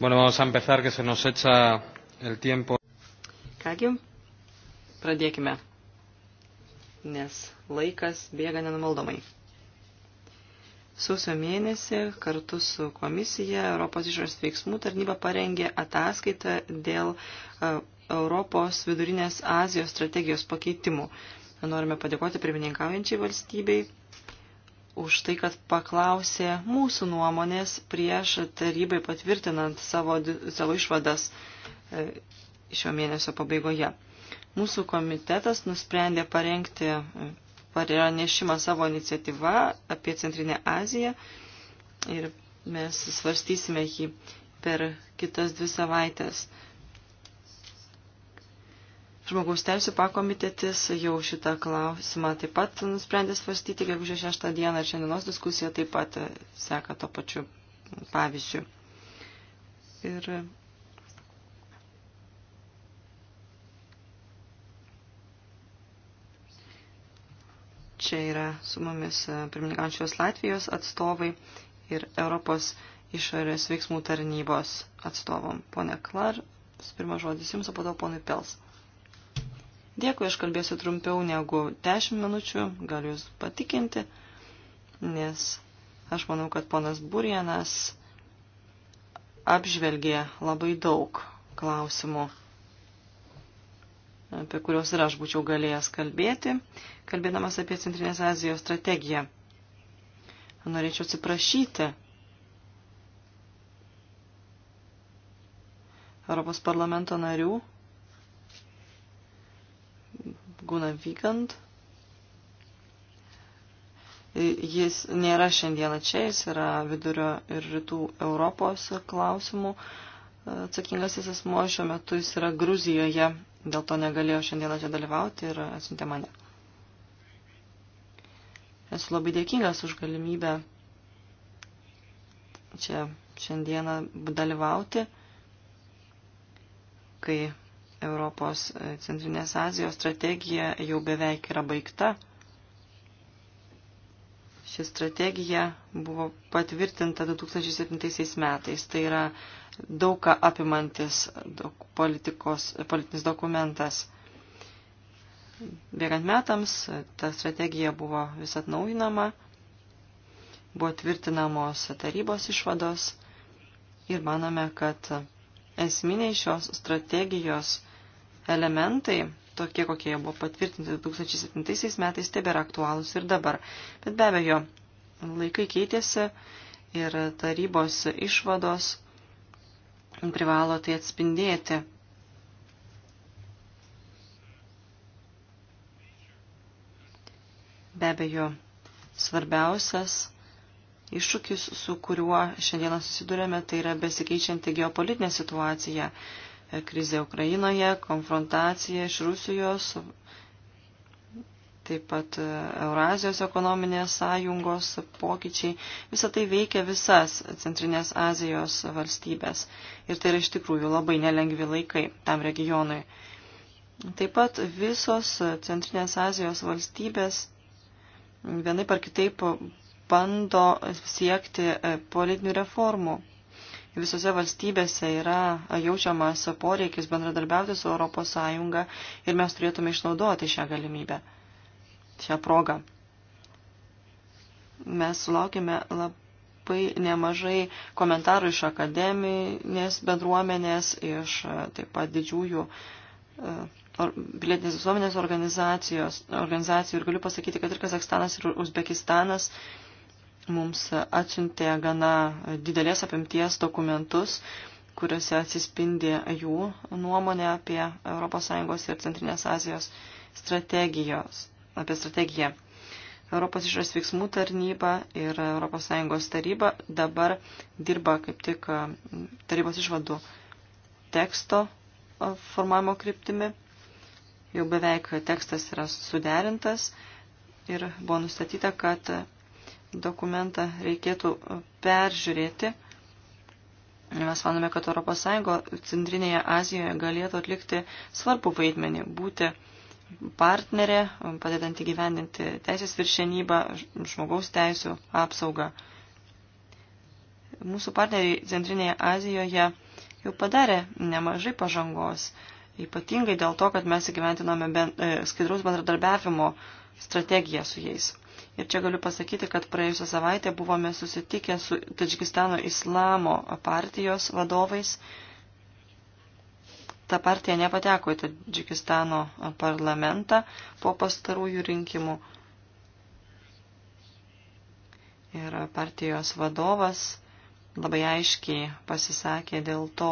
Bueno, vamos a empezar, que se nos echa el tiempo. Kągi, pradėkime, nes laikas bėga nenumaldomai. Sausio mėnesį kartu su komisija Europos išorės veiksmų tarnyba parengė ataskaitą dėl e, Europos vidurinės Azijos strategijos pakeitimų. Norime padėkoti pirmininkaujančiai valstybei už tai, kad paklausė mūsų nuomonės prieš tarybai patvirtinant savo, savo išvadas e, šio mėnesio pabaigoje. Mūsų komitetas nusprendė parengti e, pranešimą savo iniciatyvą apie Centrinę Aziją ir mes svarstysime jį per kitas dvi savaitės. Žmogaus teisų pakomitetis jau šitą klausimą taip pat nusprendė svarstyti, gegužė 6 dieną ir šiandienos diskusija taip pat seka to pačiu pavyzdžiu. Ir čia yra su mumis pirmininkančios Latvijos atstovai ir Europos išorės veiksmų tarnybos atstovom. Pone Klar, pirmas žodis jums, o po to ponui Pels. Dėkui, aš kalbėsiu trumpiau negu 10 minučių, galiu Jūs patikinti, nes aš manau, kad ponas Burienas apžvelgė labai daug klausimų apie kuriuos ir aš būčiau galėjęs kalbėti, kalbėdamas apie Centrinės Azijos strategiją. Norėčiau atsiprašyti Europos parlamento narių Guna Vykant. Jis nėra šiandieną čia, jis yra vidurio ir rytų Europos klausimų e, atsakingasis asmo, šiuo metu jis yra Gruzijoje, dėl to negalėjo šiandieną čia dalyvauti ir atsintė mane. Esu labai dėkingas už galimybę čia šiandieną dalyvauti, kai Europos e, Centrinės Azijos strategija jau beveik yra baigta. Ši strategija buvo patvirtinta 2007 metais. Tai yra daug ką apimantis politikos, politinis dokumentas. Bėgant metams ta strategija buvo vis atnaujinama, buvo tvirtinamos tarybos išvados ir manome, kad esminiai šios strategijos elementai, tokie kokie jie buvo patvirtinti 2007 metais, tebėra aktualūs ir dabar. Bet be abejo, laikai keitėsi ir tarybos išvados privalo tai atspindėti. Be abejo, svarbiausias iššūkis, su kuriuo šiandieną susidurėme, tai yra besikeičianti geopolitinė situacija krizė Ukrainoje, konfrontacija iš Rusijos, taip pat e, Eurazijos ekonominės sąjungos pokyčiai. Visą tai veikia visas Centrinės Azijos valstybės. Ir tai yra iš tikrųjų labai nelengvi laikai tam regionui. Taip pat visos Centrinės Azijos valstybės vienaip ar kitaip bando siekti e, politinių reformų visose valstybėse yra jaučiamas poreikis bendradarbiauti su ES ir mes turėtume išnaudoti šią galimybę, šią progą. Mes sulaukime labai nemažai komentarų iš akademinės bendruomenės, iš e, taip pat didžiųjų e, pilietinės visuomenės organizacijos, organizacijų ir galiu pasakyti, kad ir Kazakstanas ir Uzbekistanas uh, mums atsiuntė gana didelės apimties dokumentus, kuriuose atsispindi jų nuomonė apie ES ir Centrinės Azijos strategijos, apie strategiją. Europos išras veiksmų tarnyba ir ES taryba dabar dirba kaip tik tarybos išvadų teksto formavimo kryptimi. Jau beveik tekstas yra suderintas ir buvo nustatyta, kad dokumentą reikėtų e, peržiūrėti. Mes manome, kad ES Centrinėje Azijoje galėtų atlikti svarbų vaidmenį, būti partnerė, padedant įgyvendinti teisės viršenybą, žmogaus teisų apsaugą. Mūsų partneriai Centrinėje Azijoje jau padarė nemažai pažangos, ypatingai dėl to, kad mes įgyventiname ben, e, skaidrus bendradarbiavimo strategiją su jais. Ir čia galiu pasakyti, kad praėjusią savaitę buvome susitikę su Tadžikistano islamo partijos vadovais. Ta partija nepateko į Tadžikistano parlamentą po pastarųjų rinkimų. Ir partijos vadovas labai aiškiai pasisakė dėl to,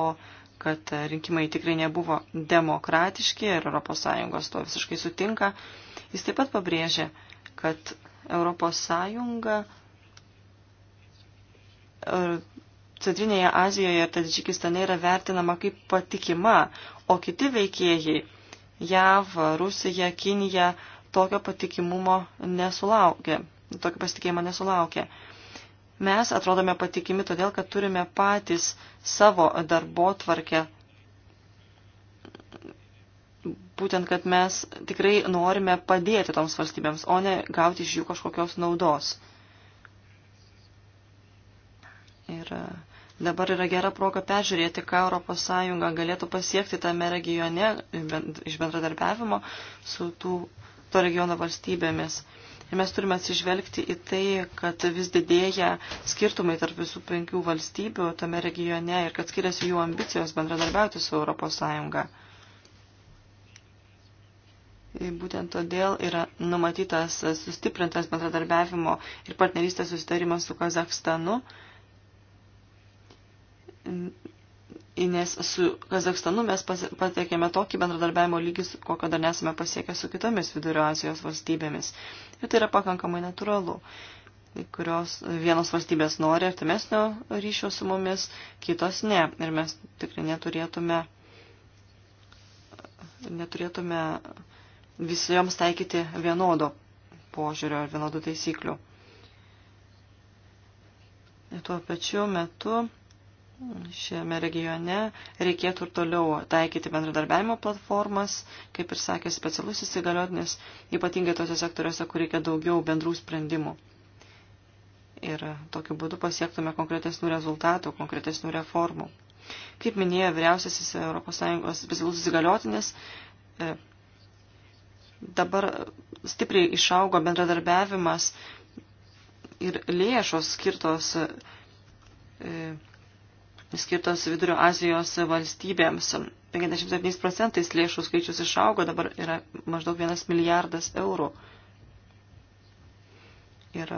kad rinkimai tikrai nebuvo demokratiški ir ES to visiškai sutinka. Jis taip pat pabrėžė, kad Europos Sąjunga e, Centrinėje Azijoje ir Tadžikistane yra vertinama kaip patikima, o kiti veikėjai JAV, Rusija, Kinija tokio patikimumo nesulaukia, tokio pasitikėjimo nesulaukia. Mes atrodome patikimi todėl, kad turime patys savo darbo tvarkę būtent, kad mes tikrai norime padėti toms valstybėms, o ne gauti iš jų kažkokios naudos. Ir e, dabar yra gera proga peržiūrėti, ką ES galėtų pasiekti tame regione iš bendradarbiavimo su tų, to regiono valstybėmis. Ir mes turime atsižvelgti į tai, kad vis didėja skirtumai tarp visų penkių valstybių tame regione ir kad skiriasi jų ambicijos bendradarbiauti su ES. Būtent todėl yra numatytas sustiprintas bendradarbiavimo ir partnerystės susitarimas su Kazakstanu, nes su Kazakstanu mes patiekėme tokį bendradarbiavimo lygį, kokio dar nesame pasiekę su kitomis Vidurio Azijos valstybėmis. Ir tai yra pakankamai natūralu, kurios vienos valstybės nori artimesnio ryšio su mumis, kitos ne. Ir mes tikrai neturėtume. neturėtume visiems taikyti vienodo požiūrio ir vienodų taisyklių. Ir tuo pačiu metu šiame regione reikėtų ir toliau taikyti bendradarbiavimo platformas, kaip ir sakė specialusis įgaliotinis, ypatingai tose sektoriuose, kur reikia daugiau bendrų sprendimų. Ir tokiu būdu pasiektume konkretesnių rezultatų, konkretesnių reformų. Kaip minėjo vyriausiasis ES specialusis įgaliotinis, e, dabar stipriai išaugo bendradarbiavimas ir lėšos skirtos, e, skirtos Vidurio Azijos valstybėms. 57 procentais lėšų skaičius išaugo, dabar yra maždaug 1 milijardas eurų. Ir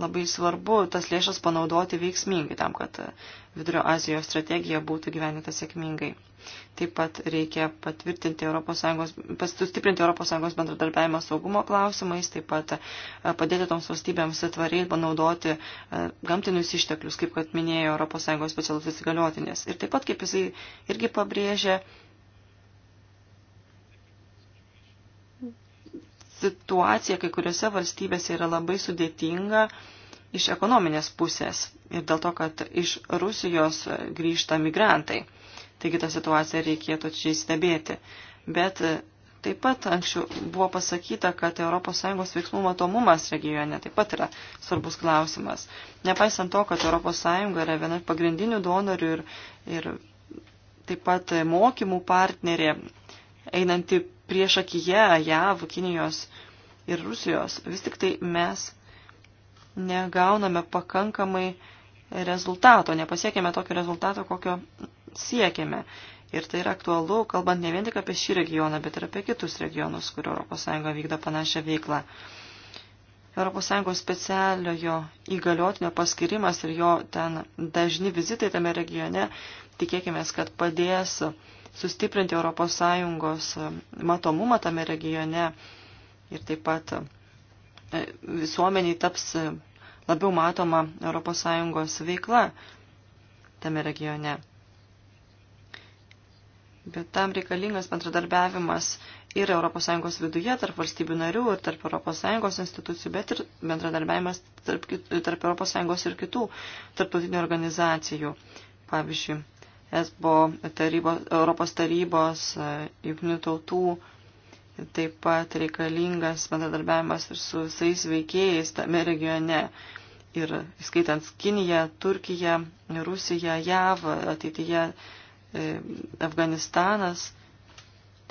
labai svarbu tas lėšas panaudoti veiksmingai tam, kad Vidurio Azijos strategija būtų gyvenita sėkmingai. Taip pat reikia patvirtinti ES, pastustiprinti ES bendradarbiavimą saugumo klausimais, taip pat e, padėti toms valstybėms tvariai panaudoti e, gamtinius išteklius, kaip kad minėjo ES specialus įsigaliotinės. Ir taip pat, kaip jisai irgi pabrėžė, situacija kai kuriuose valstybėse yra labai sudėtinga iš ekonominės pusės ir dėl to, kad iš Rusijos grįžta migrantai. Taigi tą situaciją reikėtų čia stebėti. Bet taip pat anksčiau buvo pasakyta, kad ES veiksmų matomumas regione taip pat yra svarbus klausimas. Nepaisant to, kad ES yra viena pagrindinių donorių ir, ir taip pat mokymų partnerė einanti prieš akiją JAV, Kinijos ir Rusijos. Vis tik tai mes negauname pakankamai rezultato, nepasiekėme tokio rezultato, kokio siekėme. Ir tai yra aktualu, kalbant ne vien tik apie šį regioną, bet ir apie kitus regionus, kur ES vykdo panašią veiklą. ES specialiojo įgaliotinio paskirimas ir jo ten dažni vizitai tame regione, tikėkime, kad padės uh, sustiprinti ES e, matomumą tame regione ir taip pat e, visuomeniai taps e, labiau matoma ES veikla tame regione. Bet tam reikalingas bendradarbiavimas ir ES viduje, tarp valstybių narių ir tarp ES institucijų, bet ir bendradarbiavimas tarp, tarp ES ir kitų tarptautinių organizacijų. Pavyzdžiui, ESBO tarybos, Europos tarybos, e, jungtinių tautų, taip pat reikalingas bendradarbiavimas ir su visais veikėjais tame regione. Ir skaitant Kiniją, Turkiją, Rusiją, JAV, ateityje e, Afganistanas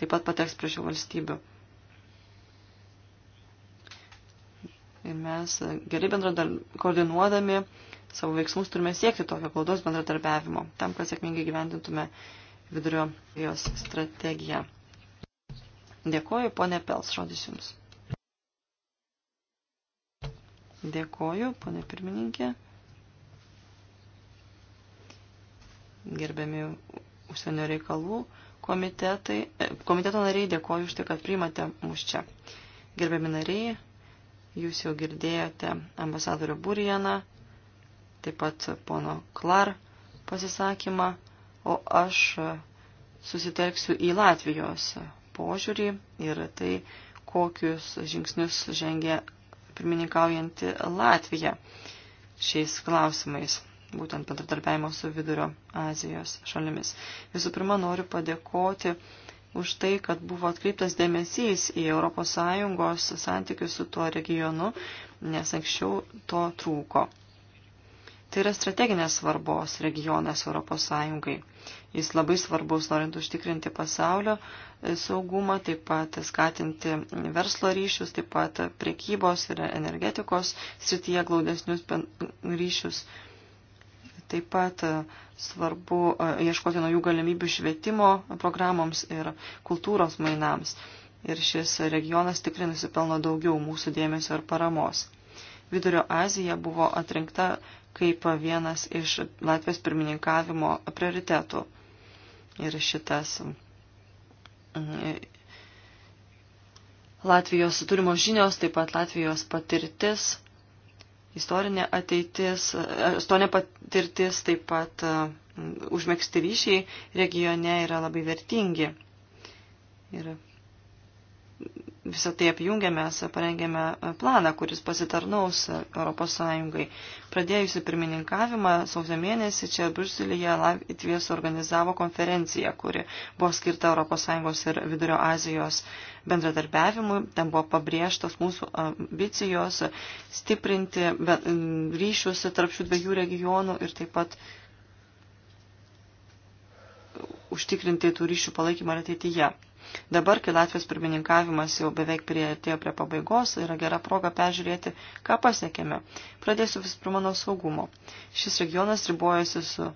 taip pat pateks prie šių valstybių. Ir mes gerai bendradarbiaudami koordinuodami savo veiksmus turime siekti tokio glaudos bendradarbiavimo, tam, kad sėkmingai gyventintume vidurio jos strategiją. Dėkoju, ponė Pels, žodis jums. Dėkoju, ponė pirmininkė. Gerbiami užsienio reikalų komitetai, e, komiteto nariai, dėkoju už tai, kad priimate mus čia. Gerbiami nariai, jūs jau girdėjote ambasadorių Burijaną taip pat pono Klar pasisakymą, o aš susitelksiu į Latvijos požiūrį ir tai, kokius žingsnius žengia pirmininkaujanti Latvija šiais klausimais, būtent bendradarbiavimo su Vidurio Azijos šalimis. Visų pirma, noriu padėkoti už tai, kad buvo atkreiptas dėmesys į ES santykius su tuo regionu, nes anksčiau to trūko. Tai yra strateginės svarbos regionas Europos Sąjungai. Jis labai svarbus, norint užtikrinti pasaulio e, saugumą, taip pat skatinti verslo ryšius, taip pat priekybos ir energetikos srityje glaudesnius ryšius. Taip pat e, svarbu e, ieškoti naujų galimybių švietimo programoms ir kultūros mainams. Ir šis regionas tikrai nusipelno daugiau mūsų dėmesio ir paramos. Vidurio Azija buvo atrinkta kaip vienas iš Latvijos pirmininkavimo prioritetų. Ir šitas mm, Latvijos turimos žinios, taip pat Latvijos patirtis, istorinė ateitis, istorinė patirtis, taip pat mm, užmėgsti ryšiai regione yra labai vertingi. Ir visą tai apjungėme, parengėme e, planą, kuris pasitarnaus ES. Pradėjusi pirmininkavimą sausio mėnesį čia Bruselėje Latvijas organizavo konferenciją, kuri buvo skirta ES ir Vidurio Azijos bendradarbiavimui. Ten buvo pabrėžtos mūsų ambicijos stiprinti ryšius tarp šių dviejų regionų ir taip pat užtikrinti tų ryšių palaikymą ateityje. Dabar, kai Latvijos pirmininkavimas jau beveik prieartėjo prie pabaigos, yra gera proga peržiūrėti, ką pasiekėme. Pradėsiu visų pirma nuo saugumo. Šis regionas ribojasi su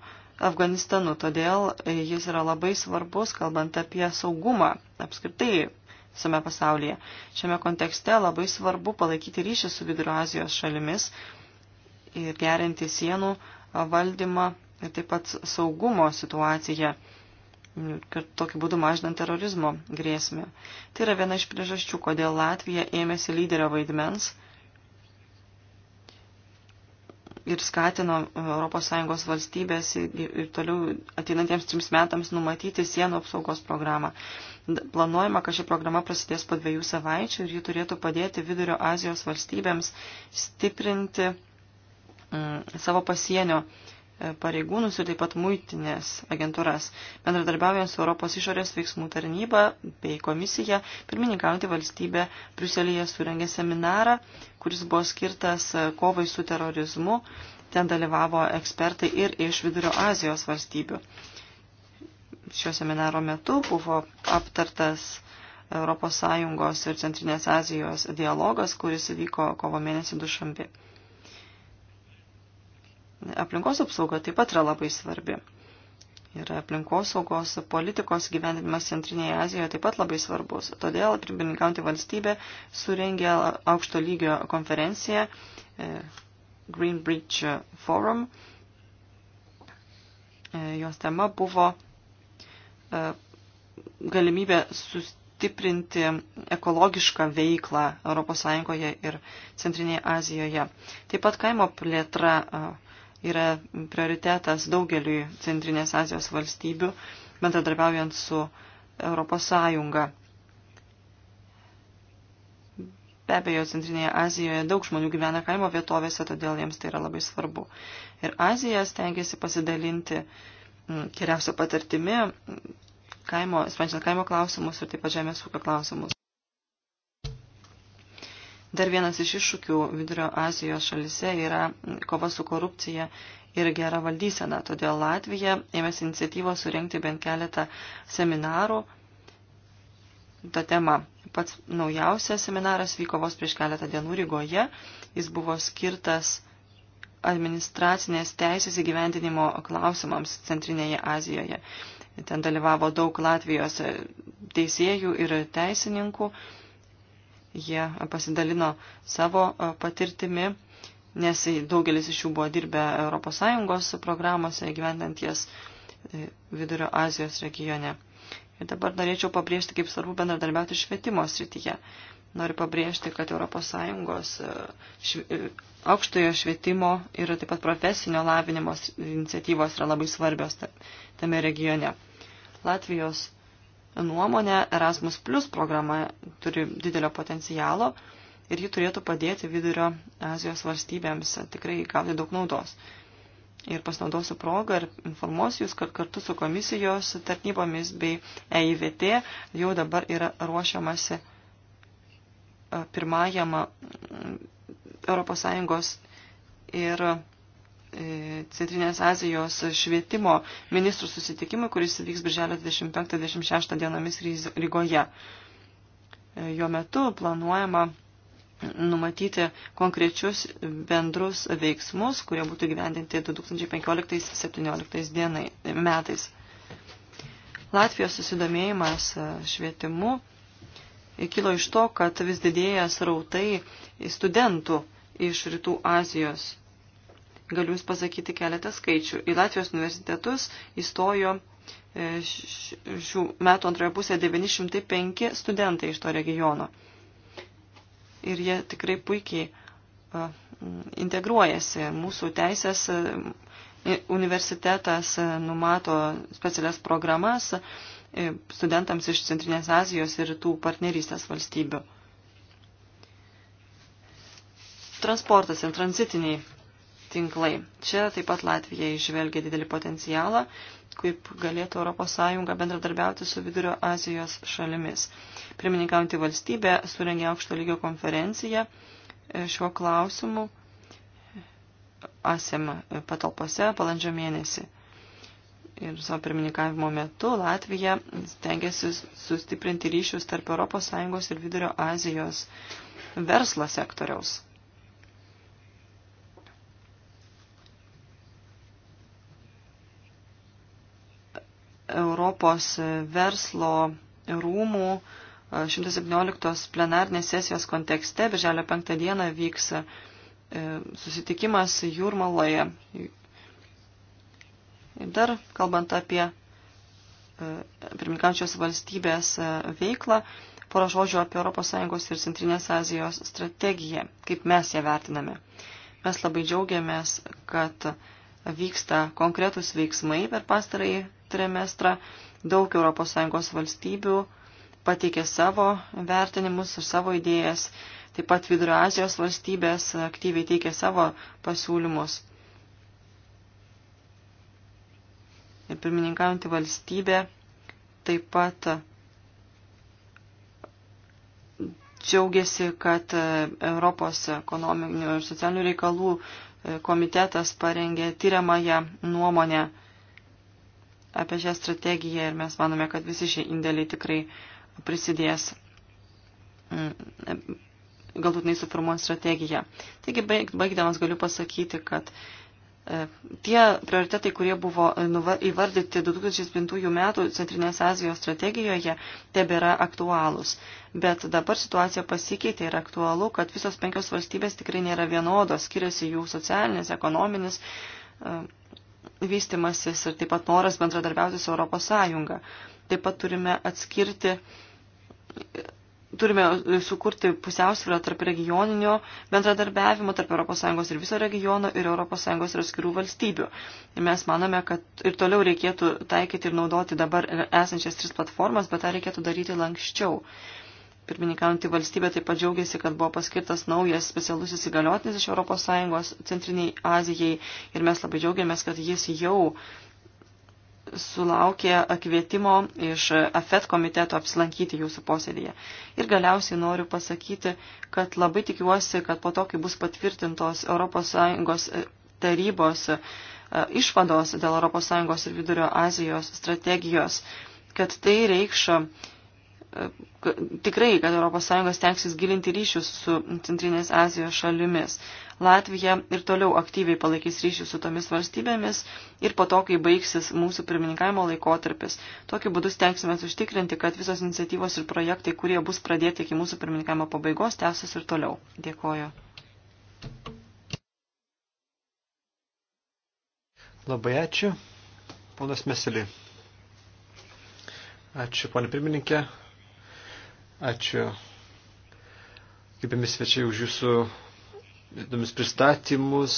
Afganistanu, todėl e, jis yra labai svarbus, kalbant apie saugumą apskritai visame pasaulyje. Šiame kontekste labai svarbu palaikyti ryšį su Vidurio Azijos šalimis ir gerinti sienų valdymą ir taip pat saugumo situaciją kad tokiu būdu mažinant terorizmo grėsmę. Tai yra viena iš priežasčių, kodėl Latvija ėmėsi lyderio vaidmens ir skatino ES valstybės ir toliau ateinantiems trims metams numatyti sienų apsaugos programą. Planuojama, kad ši programa prasidės po dviejų savaičių ir ji turėtų padėti Vidurio Azijos valstybėms stiprinti mm, savo pasienio uh, E, pareigūnus ir taip pat muitinės agentūras, bendradarbiaujant su Europos išorės veiksmų tarnyba bei komisija, pirmininkaujantį valstybę Briuselėje surengė seminarą, kuris buvo skirtas e, kovai su terorizmu, ten dalyvavo ekspertai ir iš Vidurio Azijos valstybių. Šio seminaro metu buvo aptartas ES ir Centrinės Azijos dialogas, kuris vyko kovo mėnesį dušambi aplinkos apsauga taip pat yra labai svarbi. Ir aplinkosaugos politikos gyvenimas Centrinėje Azijoje taip pat labai svarbus. Todėl pirmininkaujantį valstybę surengė aukšto lygio konferenciją e, Green Breach Forum. E, jos tema buvo e, galimybė sustiprinti ekologišką veiklą ES ir Centrinėje Azijoje. Taip pat kaimo plėtra yra prioritetas daugeliui Centrinės Azijos valstybių, bendradarbiaujant su Europos Sąjunga. Be abejo, Centrinėje Azijoje daug žmonių gyvena kaimo vietovėse, todėl jiems tai yra labai svarbu. Ir Azija stengiasi pasidalinti mm, geriausią patirtimi kaimo, sprendžiant kaimo klausimus ir taip pat žemės ūkio klausimus. Dar vienas iš iššūkių Vidurio Azijos šalise yra kova su korupcija ir gera valdysena. Todėl Latvija ėmėsi iniciatyvos surenkti bent keletą seminarų tą temą. Pats naujausias seminaras vyko vos prieš keletą dienų Rygoje. Jis buvo skirtas administracinės teisės įgyvendinimo klausimams Centrinėje Azijoje. Ten dalyvavo daug Latvijos teisėjų ir teisininkų. Jie pasidalino savo e, patirtimi, nes daugelis iš jų buvo dirbę ES programuose, gyvenant jas e, Vidurio Azijos regione. Ir dabar norėčiau pabrėžti, kaip svarbu bendradarbiauti švietimo srityje. Noriu pabrėžti, kad ES e, švi, aukštojo švietimo ir taip pat profesinio lavinimo iniciatyvos yra labai svarbios tame regione. Latvijos nuomonė, Erasmus Plus programa turi didelio potencialo ir ji turėtų padėti vidurio Azijos valstybėms tikrai gauti daug naudos. Ir pasinaudosiu progą ir informuosiu Jūs, kad kartu su komisijos tarnybomis bei EIVT jau dabar yra ruošiamasi e, pirmajam mm, ES ir E, Centrinės Azijos švietimo ministrų susitikimui, kuris vyks birželio 25-26 dienomis Rygoje. E, jo metu planuojama numatyti konkrečius bendrus veiksmus, kurie būtų gyvendinti 2015-2017 metais. Latvijos susidomėjimas e, švietimu kilo iš to, kad vis didėja srautai studentų iš Rytų Azijos Galiu Jūs pasakyti keletą skaičių. Į Latvijos universitetus įstojo e, šių metų antroje pusėje 905 studentai iš to regiono. Ir jie tikrai puikiai e, integruojasi. Mūsų teisės e, universitetas numato specialias programas studentams iš Centrinės Azijos ir tų partnerystės valstybių. Transportas ir tranzitiniai tinklai. Čia taip pat Latvija išvelgia didelį potencialą, kaip galėtų ES bendradarbiauti su Vidurio Azijos šalimis. Pirmininkaujantį valstybę surengė aukšto lygio konferenciją e, šiuo klausimu ASEM patalpose balandžio mėnesį. Ir savo pirmininkavimo metu Latvija stengiasi sustiprinti ryšius tarp ES ir Vidurio Azijos verslo sektoriaus. Europos verslo rūmų 117 plenarnės sesijos kontekste, birželio 5 dieną vyks susitikimas Jūrmaloje. Ir dar kalbant apie pirmininkančios valstybės veiklą, pora žodžių apie ES ir Centrinės Azijos strategiją, kaip mes ją vertiname. Mes labai džiaugiamės, kad vyksta konkretus veiksmai per pastarąjį trimestrą. Daug ES valstybių pateikė savo vertinimus ir savo idėjas. Taip pat Vidurio Azijos valstybės aktyviai teikė savo pasiūlymus. Ir pirmininkaujantį valstybę taip pat džiaugiasi, kad Europos ekonominių ir socialinių reikalų komitetas parengė tyriamąją nuomonę apie šią strategiją ir mes manome, kad visi šie indėliai tikrai prisidės mm, galutinai suformuojant strategiją. Taigi, baigdamas galiu pasakyti, kad e, tie prioritetai, kurie buvo įvardyti 2005 metų Centrinės Azijos strategijoje, tebėra aktualūs. Bet dabar situacija pasikeitė ir aktualu, kad visos penkios valstybės tikrai nėra vienodos, skiriasi jų socialinis, ekonominis e, vystimasis ir taip pat noras bendradarbiauti su Europos Sąjunga. Taip pat turime atskirti, turime sukurti pusiausvyrą tarp regioninio bendradarbiavimo, tarp Europos Sąjungos ir viso regiono ir Europos Sąjungos ir atskirų valstybių. Ir mes manome, kad ir toliau reikėtų taikyti ir naudoti dabar esančias tris platformas, bet tą reikėtų daryti lankščiau. Pirmininkaujantį valstybę taip pat džiaugiasi, kad buvo paskirtas naujas specialus įsigaliotinis iš ES centriniai Azijai ir mes labai džiaugiamės, kad jis jau sulaukė kvietimo iš AFET komiteto apsilankyti jūsų posėdėje. Ir galiausiai noriu pasakyti, kad labai tikiuosi, kad po to, kai bus patvirtintos ES e, tarybos e, išvados dėl ES ir Vidurio Azijos strategijos, kad tai reikš tikrai, kad ES tenksis gilinti ryšius su Centrinės Azijos šalimis. Latvija ir toliau aktyviai palaikys ryšius su tomis valstybėmis ir po to, kai baigsis mūsų pirmininkavimo laikotarpis. Tokiu būdu stengsime užtikrinti, kad visos iniciatyvos ir projektai, kurie bus pradėti iki mūsų pirmininkavimo pabaigos, tęsis ir toliau. Dėkoju. Labai ačiū. Ponas Meselį. Ačiū, ponė pirmininkė. Ačiū. Gerbiami svečiai už jūsų įdomius pristatymus,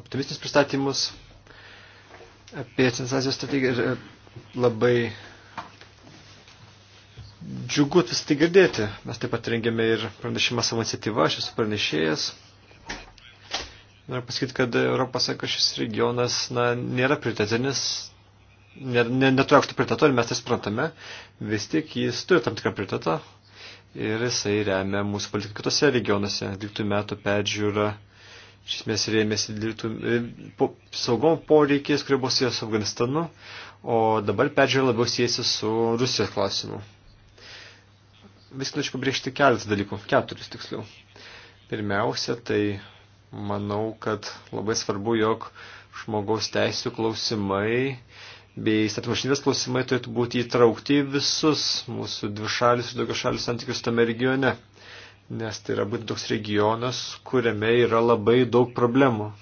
optimistinius pristatymus apie sensacijos strategiją ir e, labai džiugu tai vis tai girdėti. Mes taip pat rengėme ir pranešimą savo iniciatyvą, aš esu pranešėjas. Noriu pasakyti, kad Europos sąjungos šis regionas na, nėra prioritetinis, neturi aukšto prioriteto ir mes tai suprantame, vis tik jis turi tam tikrą prioritetą ir jisai remia mūsų politiką kitose regionuose. 12 metų peržiūra iš esmės rėmėsi 12, e, po, saugumo poreikis, kurie buvo susijęs su Afganistanu, o dabar peržiūra labiau siejasi su Rusijos klausimu. Viską norėčiau pabrėžti keletą dalykų, keturis tiksliau. Pirmiausia, tai manau, kad labai svarbu, jog žmogaus teisų klausimai bei įstatymašinės klausimai turėtų būti įtraukti į visus mūsų dvišalius ir daugiašalius santykius tame regione, nes tai yra būtent toks regionas, kuriame yra labai daug problemų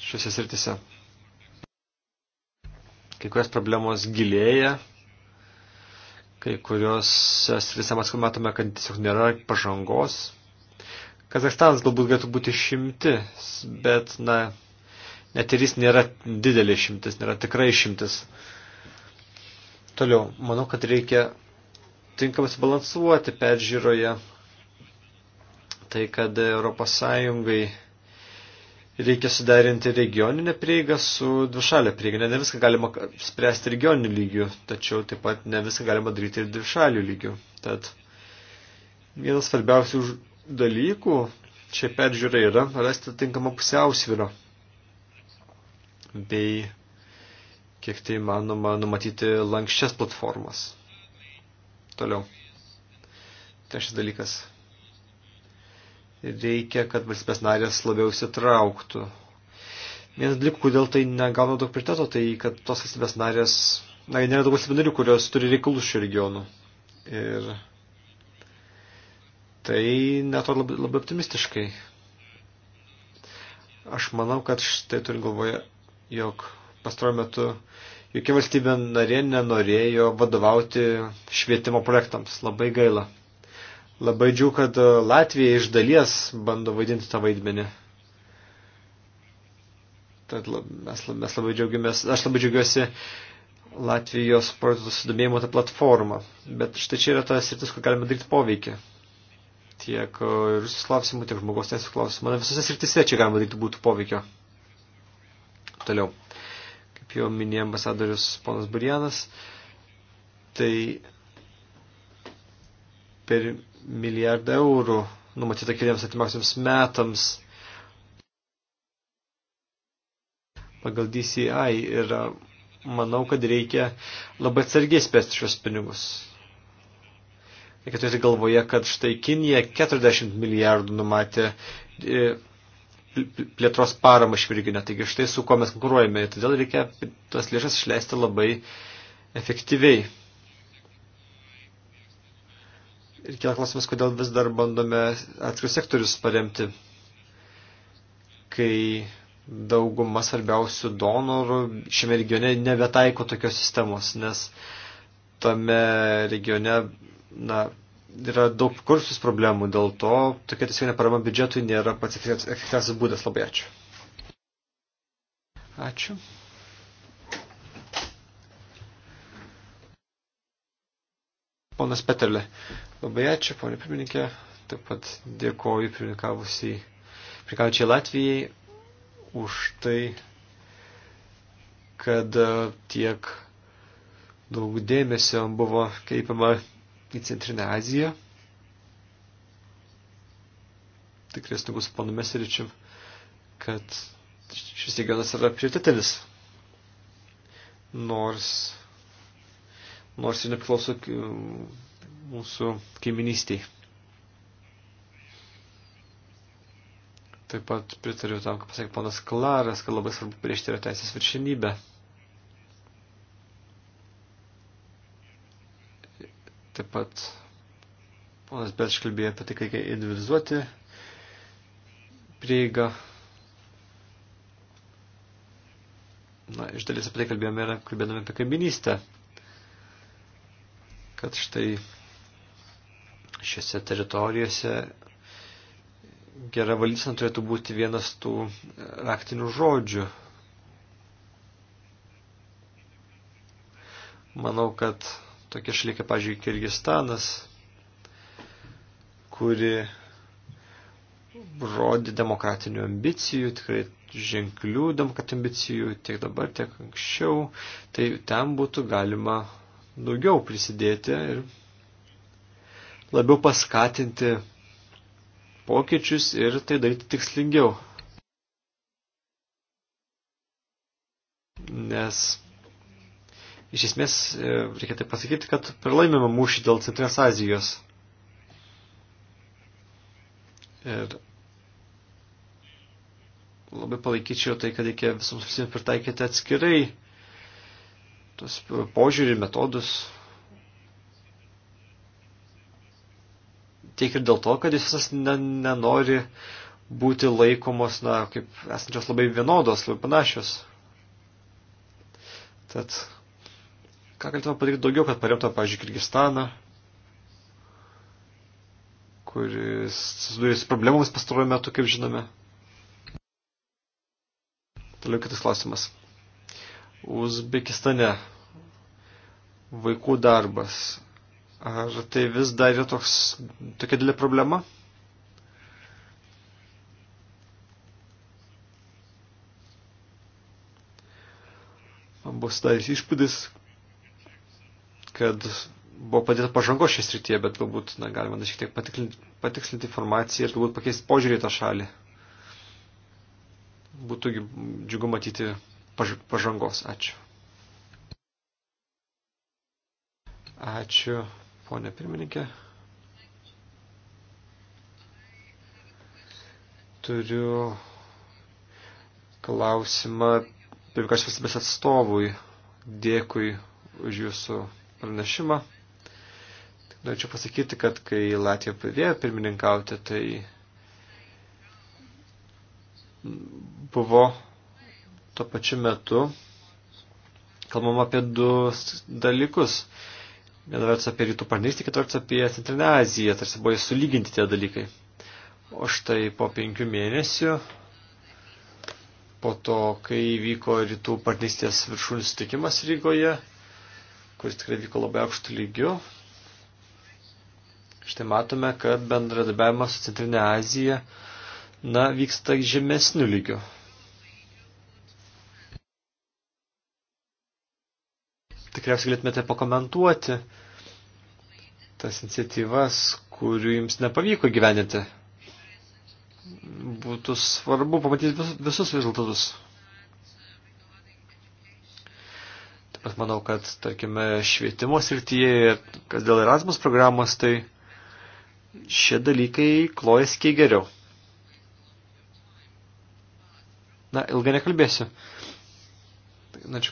šiuose sritise. Kai kurios problemos gilėja, kai kurios sritise mes matome, kad tiesiog nėra pažangos. Kazakstanas galbūt galėtų būti šimti, bet, na, Net ir jis nėra didelė šimtis, nėra tikrai šimtis. Toliau, manau, kad reikia tinkamai subalansuoti peržiūroje tai, kad Europos Sąjungai reikia suderinti regioninę prieigą su dvišalė prieiga. Ne, ne viską galima spręsti regioniniu lygiu, tačiau taip pat ne viską galima daryti ir dvišalių lygių. Tad vienas svarbiausių dalykų čia peržiūra yra rasti tinkamą pusiausvyrą bei kiek tai manoma numatyti lankščias platformas. Toliau. Trečias dalykas. Reikia, kad valstybės narės labiau įsitrauktų. Vienas dalykų, kodėl tai negauna daug prioriteto, tai kad tos valstybės narės, na, nėra daug valstybių narių, kurios turi reikalus šių regionų. Ir tai netrodo labai, labai optimistiškai. Aš manau, kad štai turi galvoje jog pastaruoju metu jokia valstybė narė nenorėjo vadovauti švietimo projektams. Labai gaila. Labai džiu, kad Latvija iš dalies bando vaidinti tą vaidmenį. Tad mes, mes labai džiaugiamės, aš labai džiaugiuosi Latvijos projektų sudomėjimo tą platformą. Bet štai čia yra ta sritis, kur galime daryti poveikį. Tiek e, Rusijos klausimų, tiek žmogaus teisų klausimų. Na, visose sritise čia galima daryti būtų poveikio. Toliau, kaip jau minėjo ambasadorius ponas Burjanas, tai per milijardą eurų numatyta keliams atimaksiams metams pagal DCI ir manau, kad reikia labai atsargiai spėsti šios pinigus. Reikia turėti galvoje, kad štai Kinija 40 milijardų numatė e, plėtros paramą švirginę. Taigi štai su kuo mes konkuruojame. Todėl reikia tas lėšas išleisti labai efektyviai. Ir kila klausimas, kodėl vis dar bandome atskirus sektorius paremti, kai dauguma svarbiausių donorų šiame regione nebetaiko tokios sistemos, nes tame regione na, yra daug kursus problemų, dėl to tokia tiesioginė parama biudžetui nėra pats efektyviausias būdas. Labai ačiū. Ačiū. Ponas Peterle, labai ačiū, ponė pirmininkė. Taip pat dėkoju pirmininkavusiai prikaučiai Latvijai už tai, kad e, tiek daug dėmesio buvo kreipiama į Centrinę Aziją. Tikrai sutinku su panu Meseričiu, kad šis regionas yra prioritetinis. Nors, nors ir nepriklauso mūsų kaiminystiai. Taip pat pritariu tam, ką pasakė ponas Klaras, kad labai svarbu priešti yra teisės viršinybę. Taip pat ponas Belš kalbėjo apie tai, kaip individualizuoti prieigą. Na, iš dalies apie tai kalbėjome ir kalbėdami apie kaiminystę. Kad štai šiuose teritorijose gera valdysena turėtų būti vienas tų raktinių žodžių. Manau, kad tokie šaliai kaip, pažiūrėjau, Kirgistanas, kuri rodi demokratinių ambicijų, tikrai ženklių demokratinių ambicijų tiek dabar, tiek anksčiau, tai ten būtų galima daugiau prisidėti ir labiau paskatinti pokyčius ir tai daryti tikslingiau. Nes Iš esmės, e, reikia tai pasakyti, kad pralaimėme mūšį dėl Centrinės Azijos. Ir labai palaikyčiau tai, kad reikia visoms visiems pritaikyti atskirai tos požiūrį, metodus. Tiek ir dėl to, kad jis visas nenori būti laikomos, na, kaip esančios labai vienodos, labai panašios. Tad ką galėtume padaryti daugiau, kad paremtume, pavyzdžiui, Kirgistaną, kuris susidūrė su problemomis pastaruoju metu, kaip žinome. Toliau kitas klausimas. Uzbekistane vaikų darbas. Ar tai vis dar yra toks, tokia didelė problema? Man buvo sudaręs įspūdis, kad buvo padėta pažangos šią srityje, bet galbūt na, galima na, šiek tiek patikslinti, patikslinti informaciją ir galbūt pakeisti požiūrį į tą šalį. Būtų džiugu matyti paž pažangos. Ačiū. Ačiū, ponė pirmininkė. Turiu klausimą pirmininkas valstybės atstovui. Dėkui už jūsų pranešimą. Norėčiau pasakyti, kad kai Latvija pradėjo pirmininkauti, tai buvo tuo pačiu metu kalbama apie du dalykus. Viena vertus apie rytų partnerystę, kita vertus apie Centrinę Aziją, tarsi buvo sulyginti tie dalykai. O štai po penkių mėnesių, po to, kai vyko rytų partnerystės viršūnės sutikimas Rygoje, kuris tikrai vyko labai aukštų lygių. Štai matome, kad bendradarbiavimas su Centrinė Azija na, vyksta žemesnių lygių. Tikriausiai galėtumėte pakomentuoti tas iniciatyvas, kurių jums nepavyko gyveninti. Būtų svarbu pamatyti visus rezultatus. bet manau, kad, tarkime, švietimo srityje, kas dėl Erasmus programos, tai šie dalykai klojas kiek geriau. Na, ilgai nekalbėsiu. Na, čia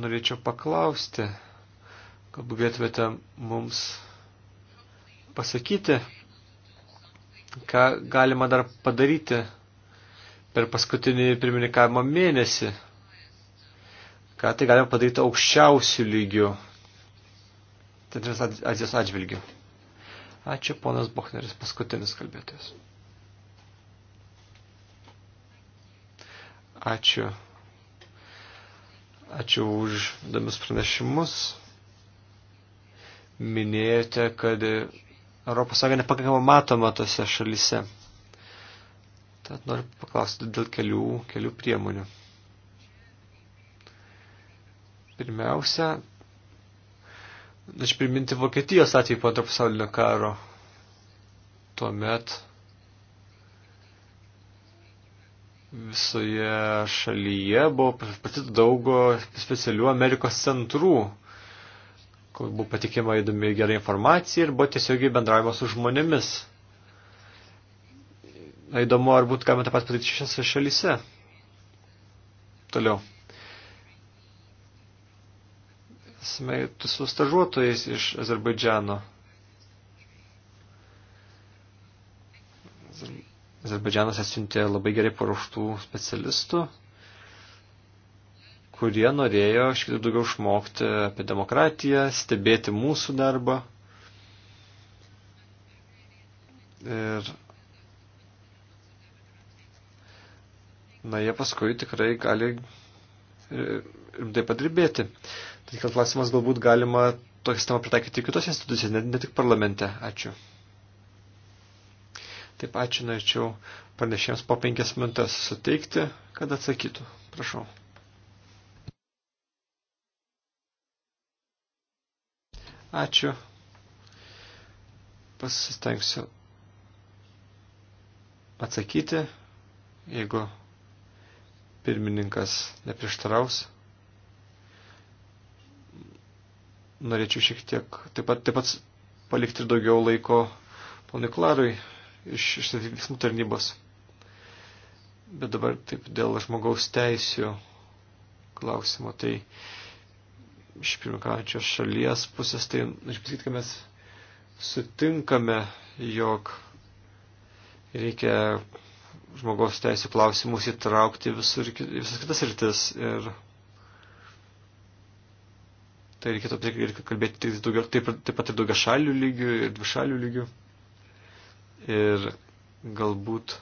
norėčiau paklausti, galbūt galėtumėte mums pasakyti, ką galima dar padaryti per paskutinį pirmininkavimo mėnesį ką tai galima padaryti aukščiausių lygių centrinės atžvilgių. Ačiū, ponas Bochneris, paskutinis kalbėtojas. Ačiū. Ačiū už įdomius pranešimus. Minėjote, kad ES nepakankama matoma tose šalise. Tad noriu paklausti dėl kelių, kelių priemonių. Pirmiausia, aš priminti Vokietijos atvejį po antro pasaulinio karo. Tuomet visoje šalyje buvo pati daug specialių Amerikos centrų, kur buvo patikima įdomi gera informacija ir buvo tiesiogiai bendravimo su žmonėmis. Įdomu, ar būtų galima tą pat padaryti šiose šalyse. Toliau su stažuotojais iš Azerbaidžiano. Azerbaidžianas atsiuntė labai gerai paruoštų specialistų, kurie norėjo šiek tiek daugiau išmokti apie demokratiją, stebėti mūsų darbą. Ir na, jie paskui tikrai gali rimtai padirbėti. Tik klausimas galbūt galima tokią sistemą pritaikyti kitos institucijos, ne, ne tik parlamente. Ačiū. Taip, ačiū, norėčiau pranešėjams po penkias minutės suteikti, kad atsakytų. Prašau. Ačiū. Pasistengsiu atsakyti, jeigu pirmininkas neprieštaraus. norėčiau šiek tiek taip pat, taip pat palikti daugiau laiko ponui Klarui iš, iš veiksmų tarnybos. Bet dabar taip dėl žmogaus teisų klausimo, tai iš pirmininkaujančios šalies pusės, tai, aš pasakyti, kad mes sutinkame, jog reikia žmogaus teisų klausimus įtraukti visur, visas kitas rytis. Ir Tai reikėtų tai kalbėti tik daugia, taip, taip pat ir daugia šalių lygių ir dvišalių lygių. Ir galbūt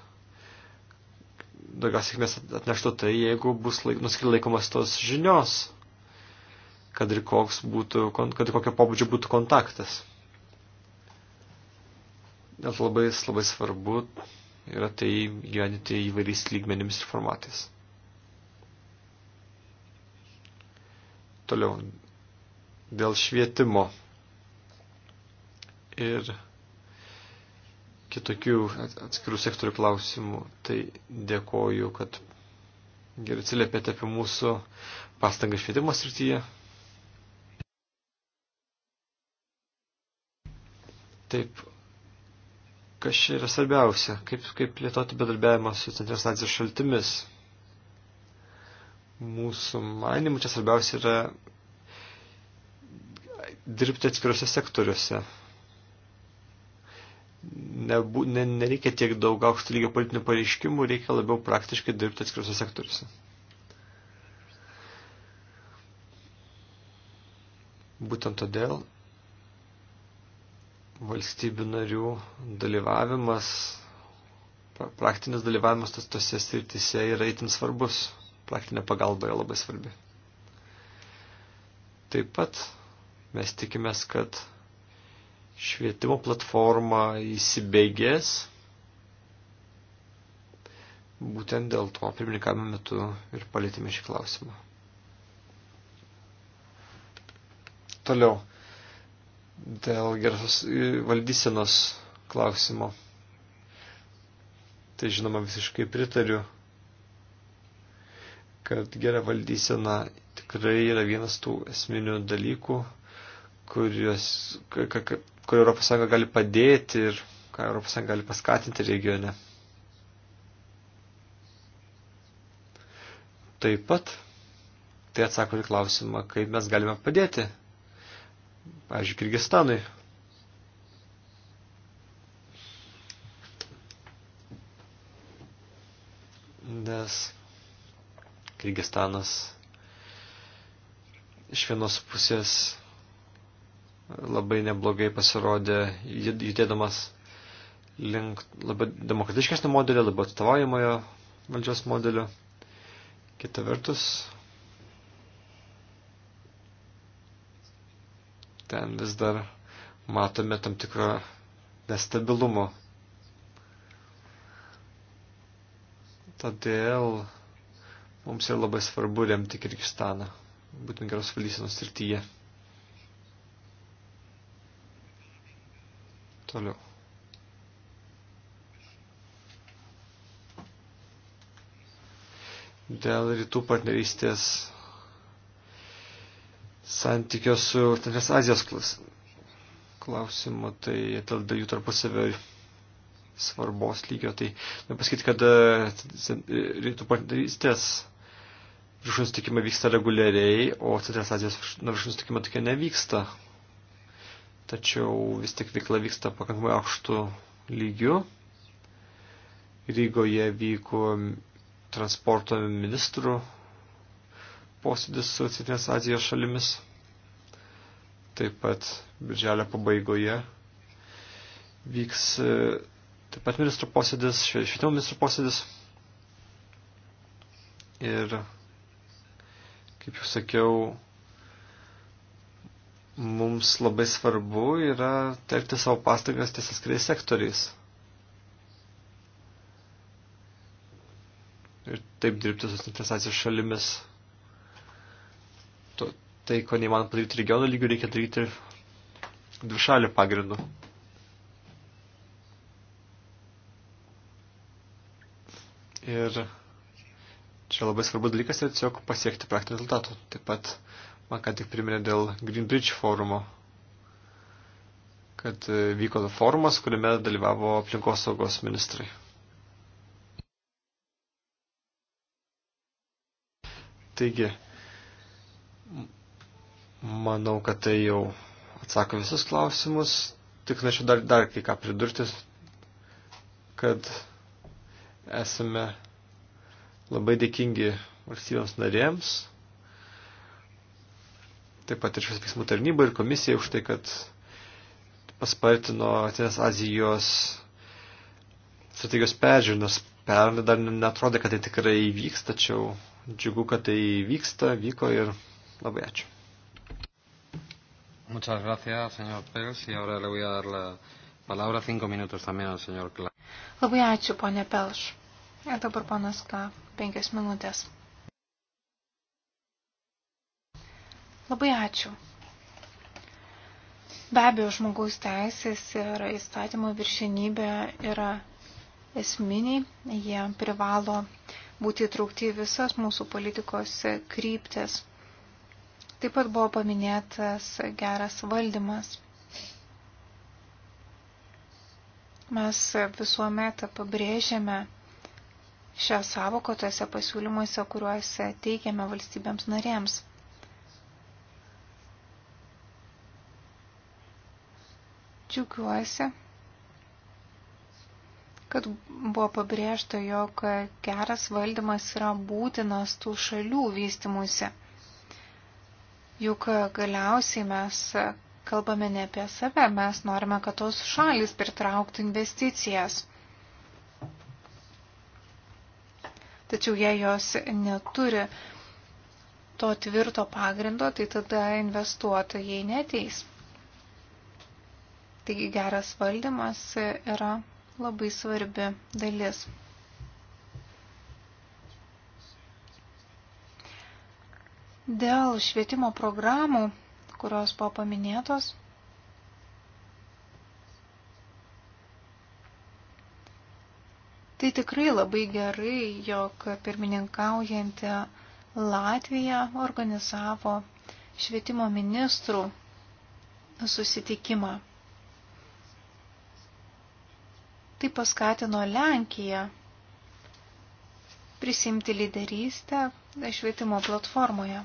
daugiausiai sėkmės atneštų tai, jeigu bus laik, laikomas tos žinios, kad ir, koks būtų, kad ir kokio pobūdžio būtų kontaktas. Dėl labai, labai svarbu yra tai gyventi įvairiais lygmenimis ir formatais. Toliau, dėl švietimo ir kitokių atskirų sektorių klausimų. Tai dėkoju, kad gerai atsiliepėte apie mūsų pastangą švietimo srityje. Taip, kas čia yra svarbiausia, kaip, kaip plėtoti bedarbiavimą su centrinės nacijos šaltimis. Mūsų manimų čia svarbiausia yra dirbti atskiruose sektoriuose. Nebu, ne, nereikia tiek daug aukšto lygio politinių pareiškimų, reikia labiau praktiškai dirbti atskiruose sektoriuose. Būtent todėl valstybių narių dalyvavimas, praktinis dalyvavimas tos, tose srityse yra itin svarbus. Praktinė pagalba yra labai svarbi. Taip pat Mes tikimės, kad švietimo platforma įsibėgės. Būtent dėl to pirmininkavimo metu ir palėtėme šį klausimą. Toliau. Dėl geros e, valdysenos klausimo. Tai žinoma visiškai pritariu, kad gera valdysena tikrai yra vienas tų esminių dalykų, kurios, kur Europos Sąjunga gali padėti ir ką Europos Sąjunga gali paskatinti regione. Taip pat tai atsako į klausimą, kaip mes galime padėti, pavyzdžiui, Kirgistanui. Nes Kirgistanas iš vienos pusės labai neblogai pasirodė judėdamas link labai demokratiškesnio modelio, labai atstovaujamojo valdžios modelio. Kita vertus, ten vis dar matome tam tikro nestabilumo. Todėl mums yra labai svarbu remti Kirgistaną, būtent geros valdysenos srityje. Toliau. Dėl rytų partnerystės santykio su Centrinės Azijos klausimu, tai dėl jų tarpusavio svarbos lygio, tai noriu pasakyti, kad e, e, rytų partnerystės viršūnų sutikimai vyksta reguliariai, o Centrinės Azijos viršūnų sutikimai tokie nevyksta tačiau vis tik veikla vyksta pakankamai aukštų lygių. Rygoje vyko transporto ministrų posėdis su Centrinės Azijos šalimis. Taip pat birželio pabaigoje vyks e, taip pat ministrų posėdis, švietimo ministrų posėdis. Ir, kaip jau sakiau, mums labai svarbu yra telkti savo pastangas ties atskiriais sektoriais. Ir taip dirbti su centralizacijos šalimis. To, tai, ko neįmanoma padaryti regiono lygių, reikia daryti dvišalių pagrindų. Ir čia labai svarbus dalykas yra tiesiog pasiekti praktinių rezultatų. Taip pat man ką tik priminė dėl Greenbridge forumo, kad e, vyko forumas, kuriame dalyvavo aplinkosaugos ministrai. Taigi, manau, kad tai jau atsako visus klausimus. Tik norėčiau dar, dar kai ką pridurti, kad esame labai dėkingi valstybėms narėms taip pat ir šios veiksmų tarnyba ir komisija už tai, kad paspartino Atinės Azijos strategijos peržiūrinos. Pernai dar netrodė, kad tai tikrai įvyks, tačiau džiugu, kad tai vyksta, vyko ir labai ačiū. Muchas gracias, señor Pels, y ahora le voy a dar la palabra cinco minutos también al señor Clark. Labai ačiū, ponė Pelš. Ir dabar ponas K. penkias minutės. Labai ačiū. Be abejo, žmogaus teisės ir įstatymo viršenybė yra esminiai, jie privalo būti įtraukti į visas mūsų politikos kryptis. Taip pat buvo paminėtas geras valdymas. Mes visuomet pabrėžėme šią savoką tose pasiūlymuose, kuriuose teikiame valstybėms narėms. Džiaugiuosi, kad buvo pabrėžta, jog geras valdymas yra būtinas tų šalių vystimusi. Juk galiausiai mes kalbame ne apie save, mes norime, kad tos šalis pritrauktų investicijas. Tačiau jei jos neturi to tvirto pagrindo, tai tada investuotojai neteis. Taigi geras valdymas yra labai svarbi dalis. Dėl švietimo programų, kurios buvo paminėtos, Tai tikrai labai gerai, jog pirmininkaujantį Latviją organizavo švietimo ministrų susitikimą. Tai paskatino Lenkiją prisimti lyderystę švietimo platformoje.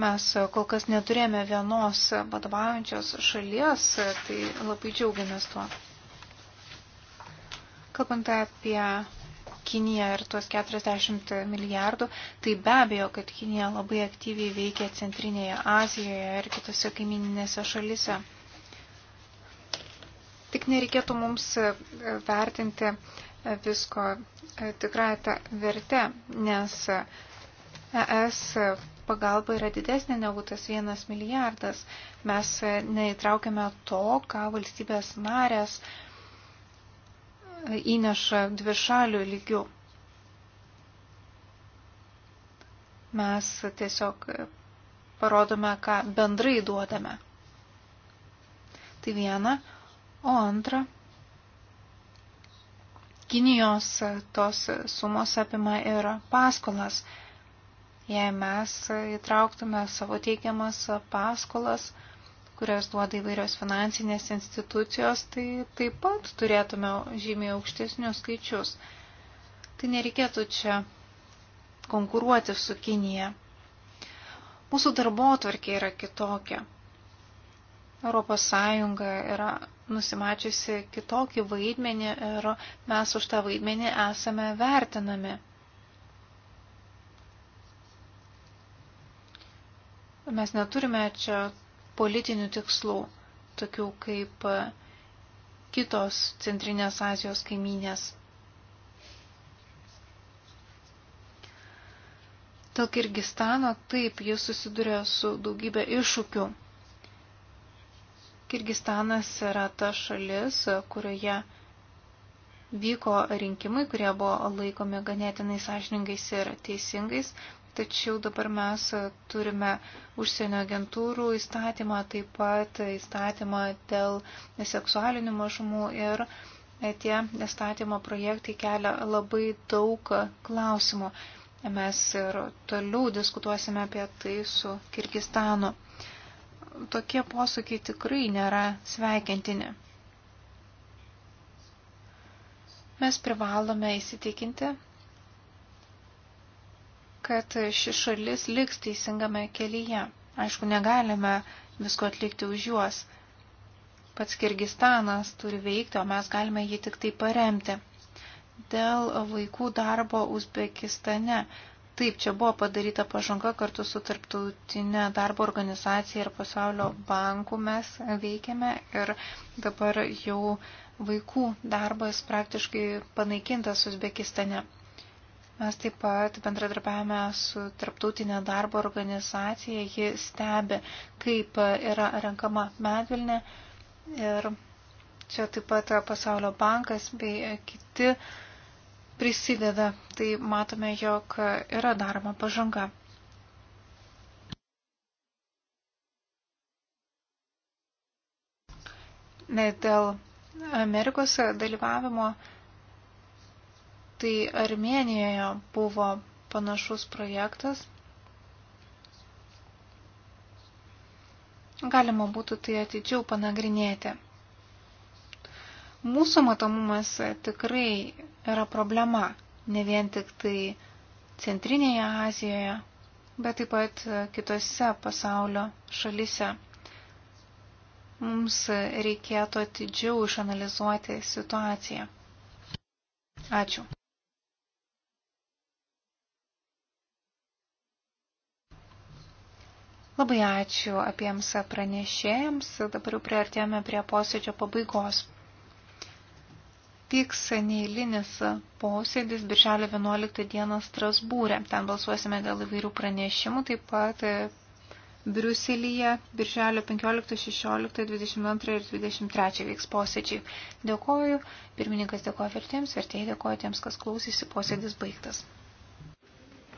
Mes kol kas neturėjome vienos vadovaujančios šalies, tai labai džiaugiamės tuo. Kalbant apie Kiniją ir tuos 40 milijardų, tai be abejo, kad Kinija labai aktyviai veikia Centrinėje Azijoje ir kitose kaimininėse šalise. Tik nereikėtų mums e, vertinti e, visko e, tikrai tą vertę, nes ES pagalba yra didesnė negu tas vienas milijardas. Mes neįtraukiame to, ką valstybės narės uh, įneša dvišalių lygių. Mes tiesiog parodome, ką bendrai duodame. Tai viena. O antra, Kinijos tos sumos apima ir paskolas. Jei mes įtrauktume savo teikiamas paskolas, kurias duoda įvairios finansinės institucijos, tai taip pat turėtume žymiai aukštesnius skaičius. Tai nereikėtų čia konkuruoti su Kinija. Mūsų darbo tvarkė yra kitokia. Europos Sąjunga yra nusimačiusi kitokį vaidmenį ir mes už tą vaidmenį esame vertinami. Mes neturime čia politinių tikslų, tokių kaip e, kitos Centrinės Azijos kaiminės. Dėl Kirgistano taip jis susiduria su daugybė iššūkių. Kirgistanas yra ta šalis, kurioje vyko rinkimai, kurie buvo laikomi ganėtinai sąžiningais ir teisingais, Tačiau dabar mes turime užsienio agentūrų įstatymą, taip pat įstatymą dėl seksualinių mažumų ir tie įstatymo projektai kelia labai daug klausimų. Mes ir toliau diskutuosime apie tai su Kirgistanu. Tokie posūkiai tikrai nėra sveikintini. Mes privalome įsitikinti, kad ši šalis liks teisingame kelyje. Aišku, negalime visko atlikti už juos. Pats Kirgistanas turi veikti, o mes galime jį tik tai paremti. Dėl vaikų darbo Uzbekistane. Taip, čia buvo padaryta pažanga kartu su tarptautinė darbo organizacija ir pasaulio banku mes veikiame ir dabar jau vaikų darbas praktiškai panaikintas Uzbekistane. Mes taip pat bendradarbiavame su Tarptautinė darbo organizacija, ji stebi, kaip yra renkama medvilnė ir čia taip pat Pasaulio bankas bei kiti prisideda. Tai matome, jog yra daroma pažanga. Ne dėl Amerikos dalyvavimo Tai Armenijoje buvo panašus projektas. Galima būtų tai atidžiau panagrinėti. Mūsų matomumas tikrai yra problema, ne vien tik tai Centrinėje Azijoje, bet taip pat kitose pasaulio šalise. Mums reikėtų atidžiau išanalizuoti situaciją. Ačiū. Labai ačiū abiems pranešėjams. Dabar jau priartėjome prie posėdžio pabaigos. Vyks neįlinis posėdis birželio 11 dieną Strasbūrė. Ten balsuosime dėl įvairių pranešimų, taip pat e, Briuselyje birželio 15, 16, 22 ir 23 vyks posėdžiai. Dėkoju, pirmininkas dėkoja vertėms, vertėjai dėkoja tiems, kas klausėsi, posėdis baigtas.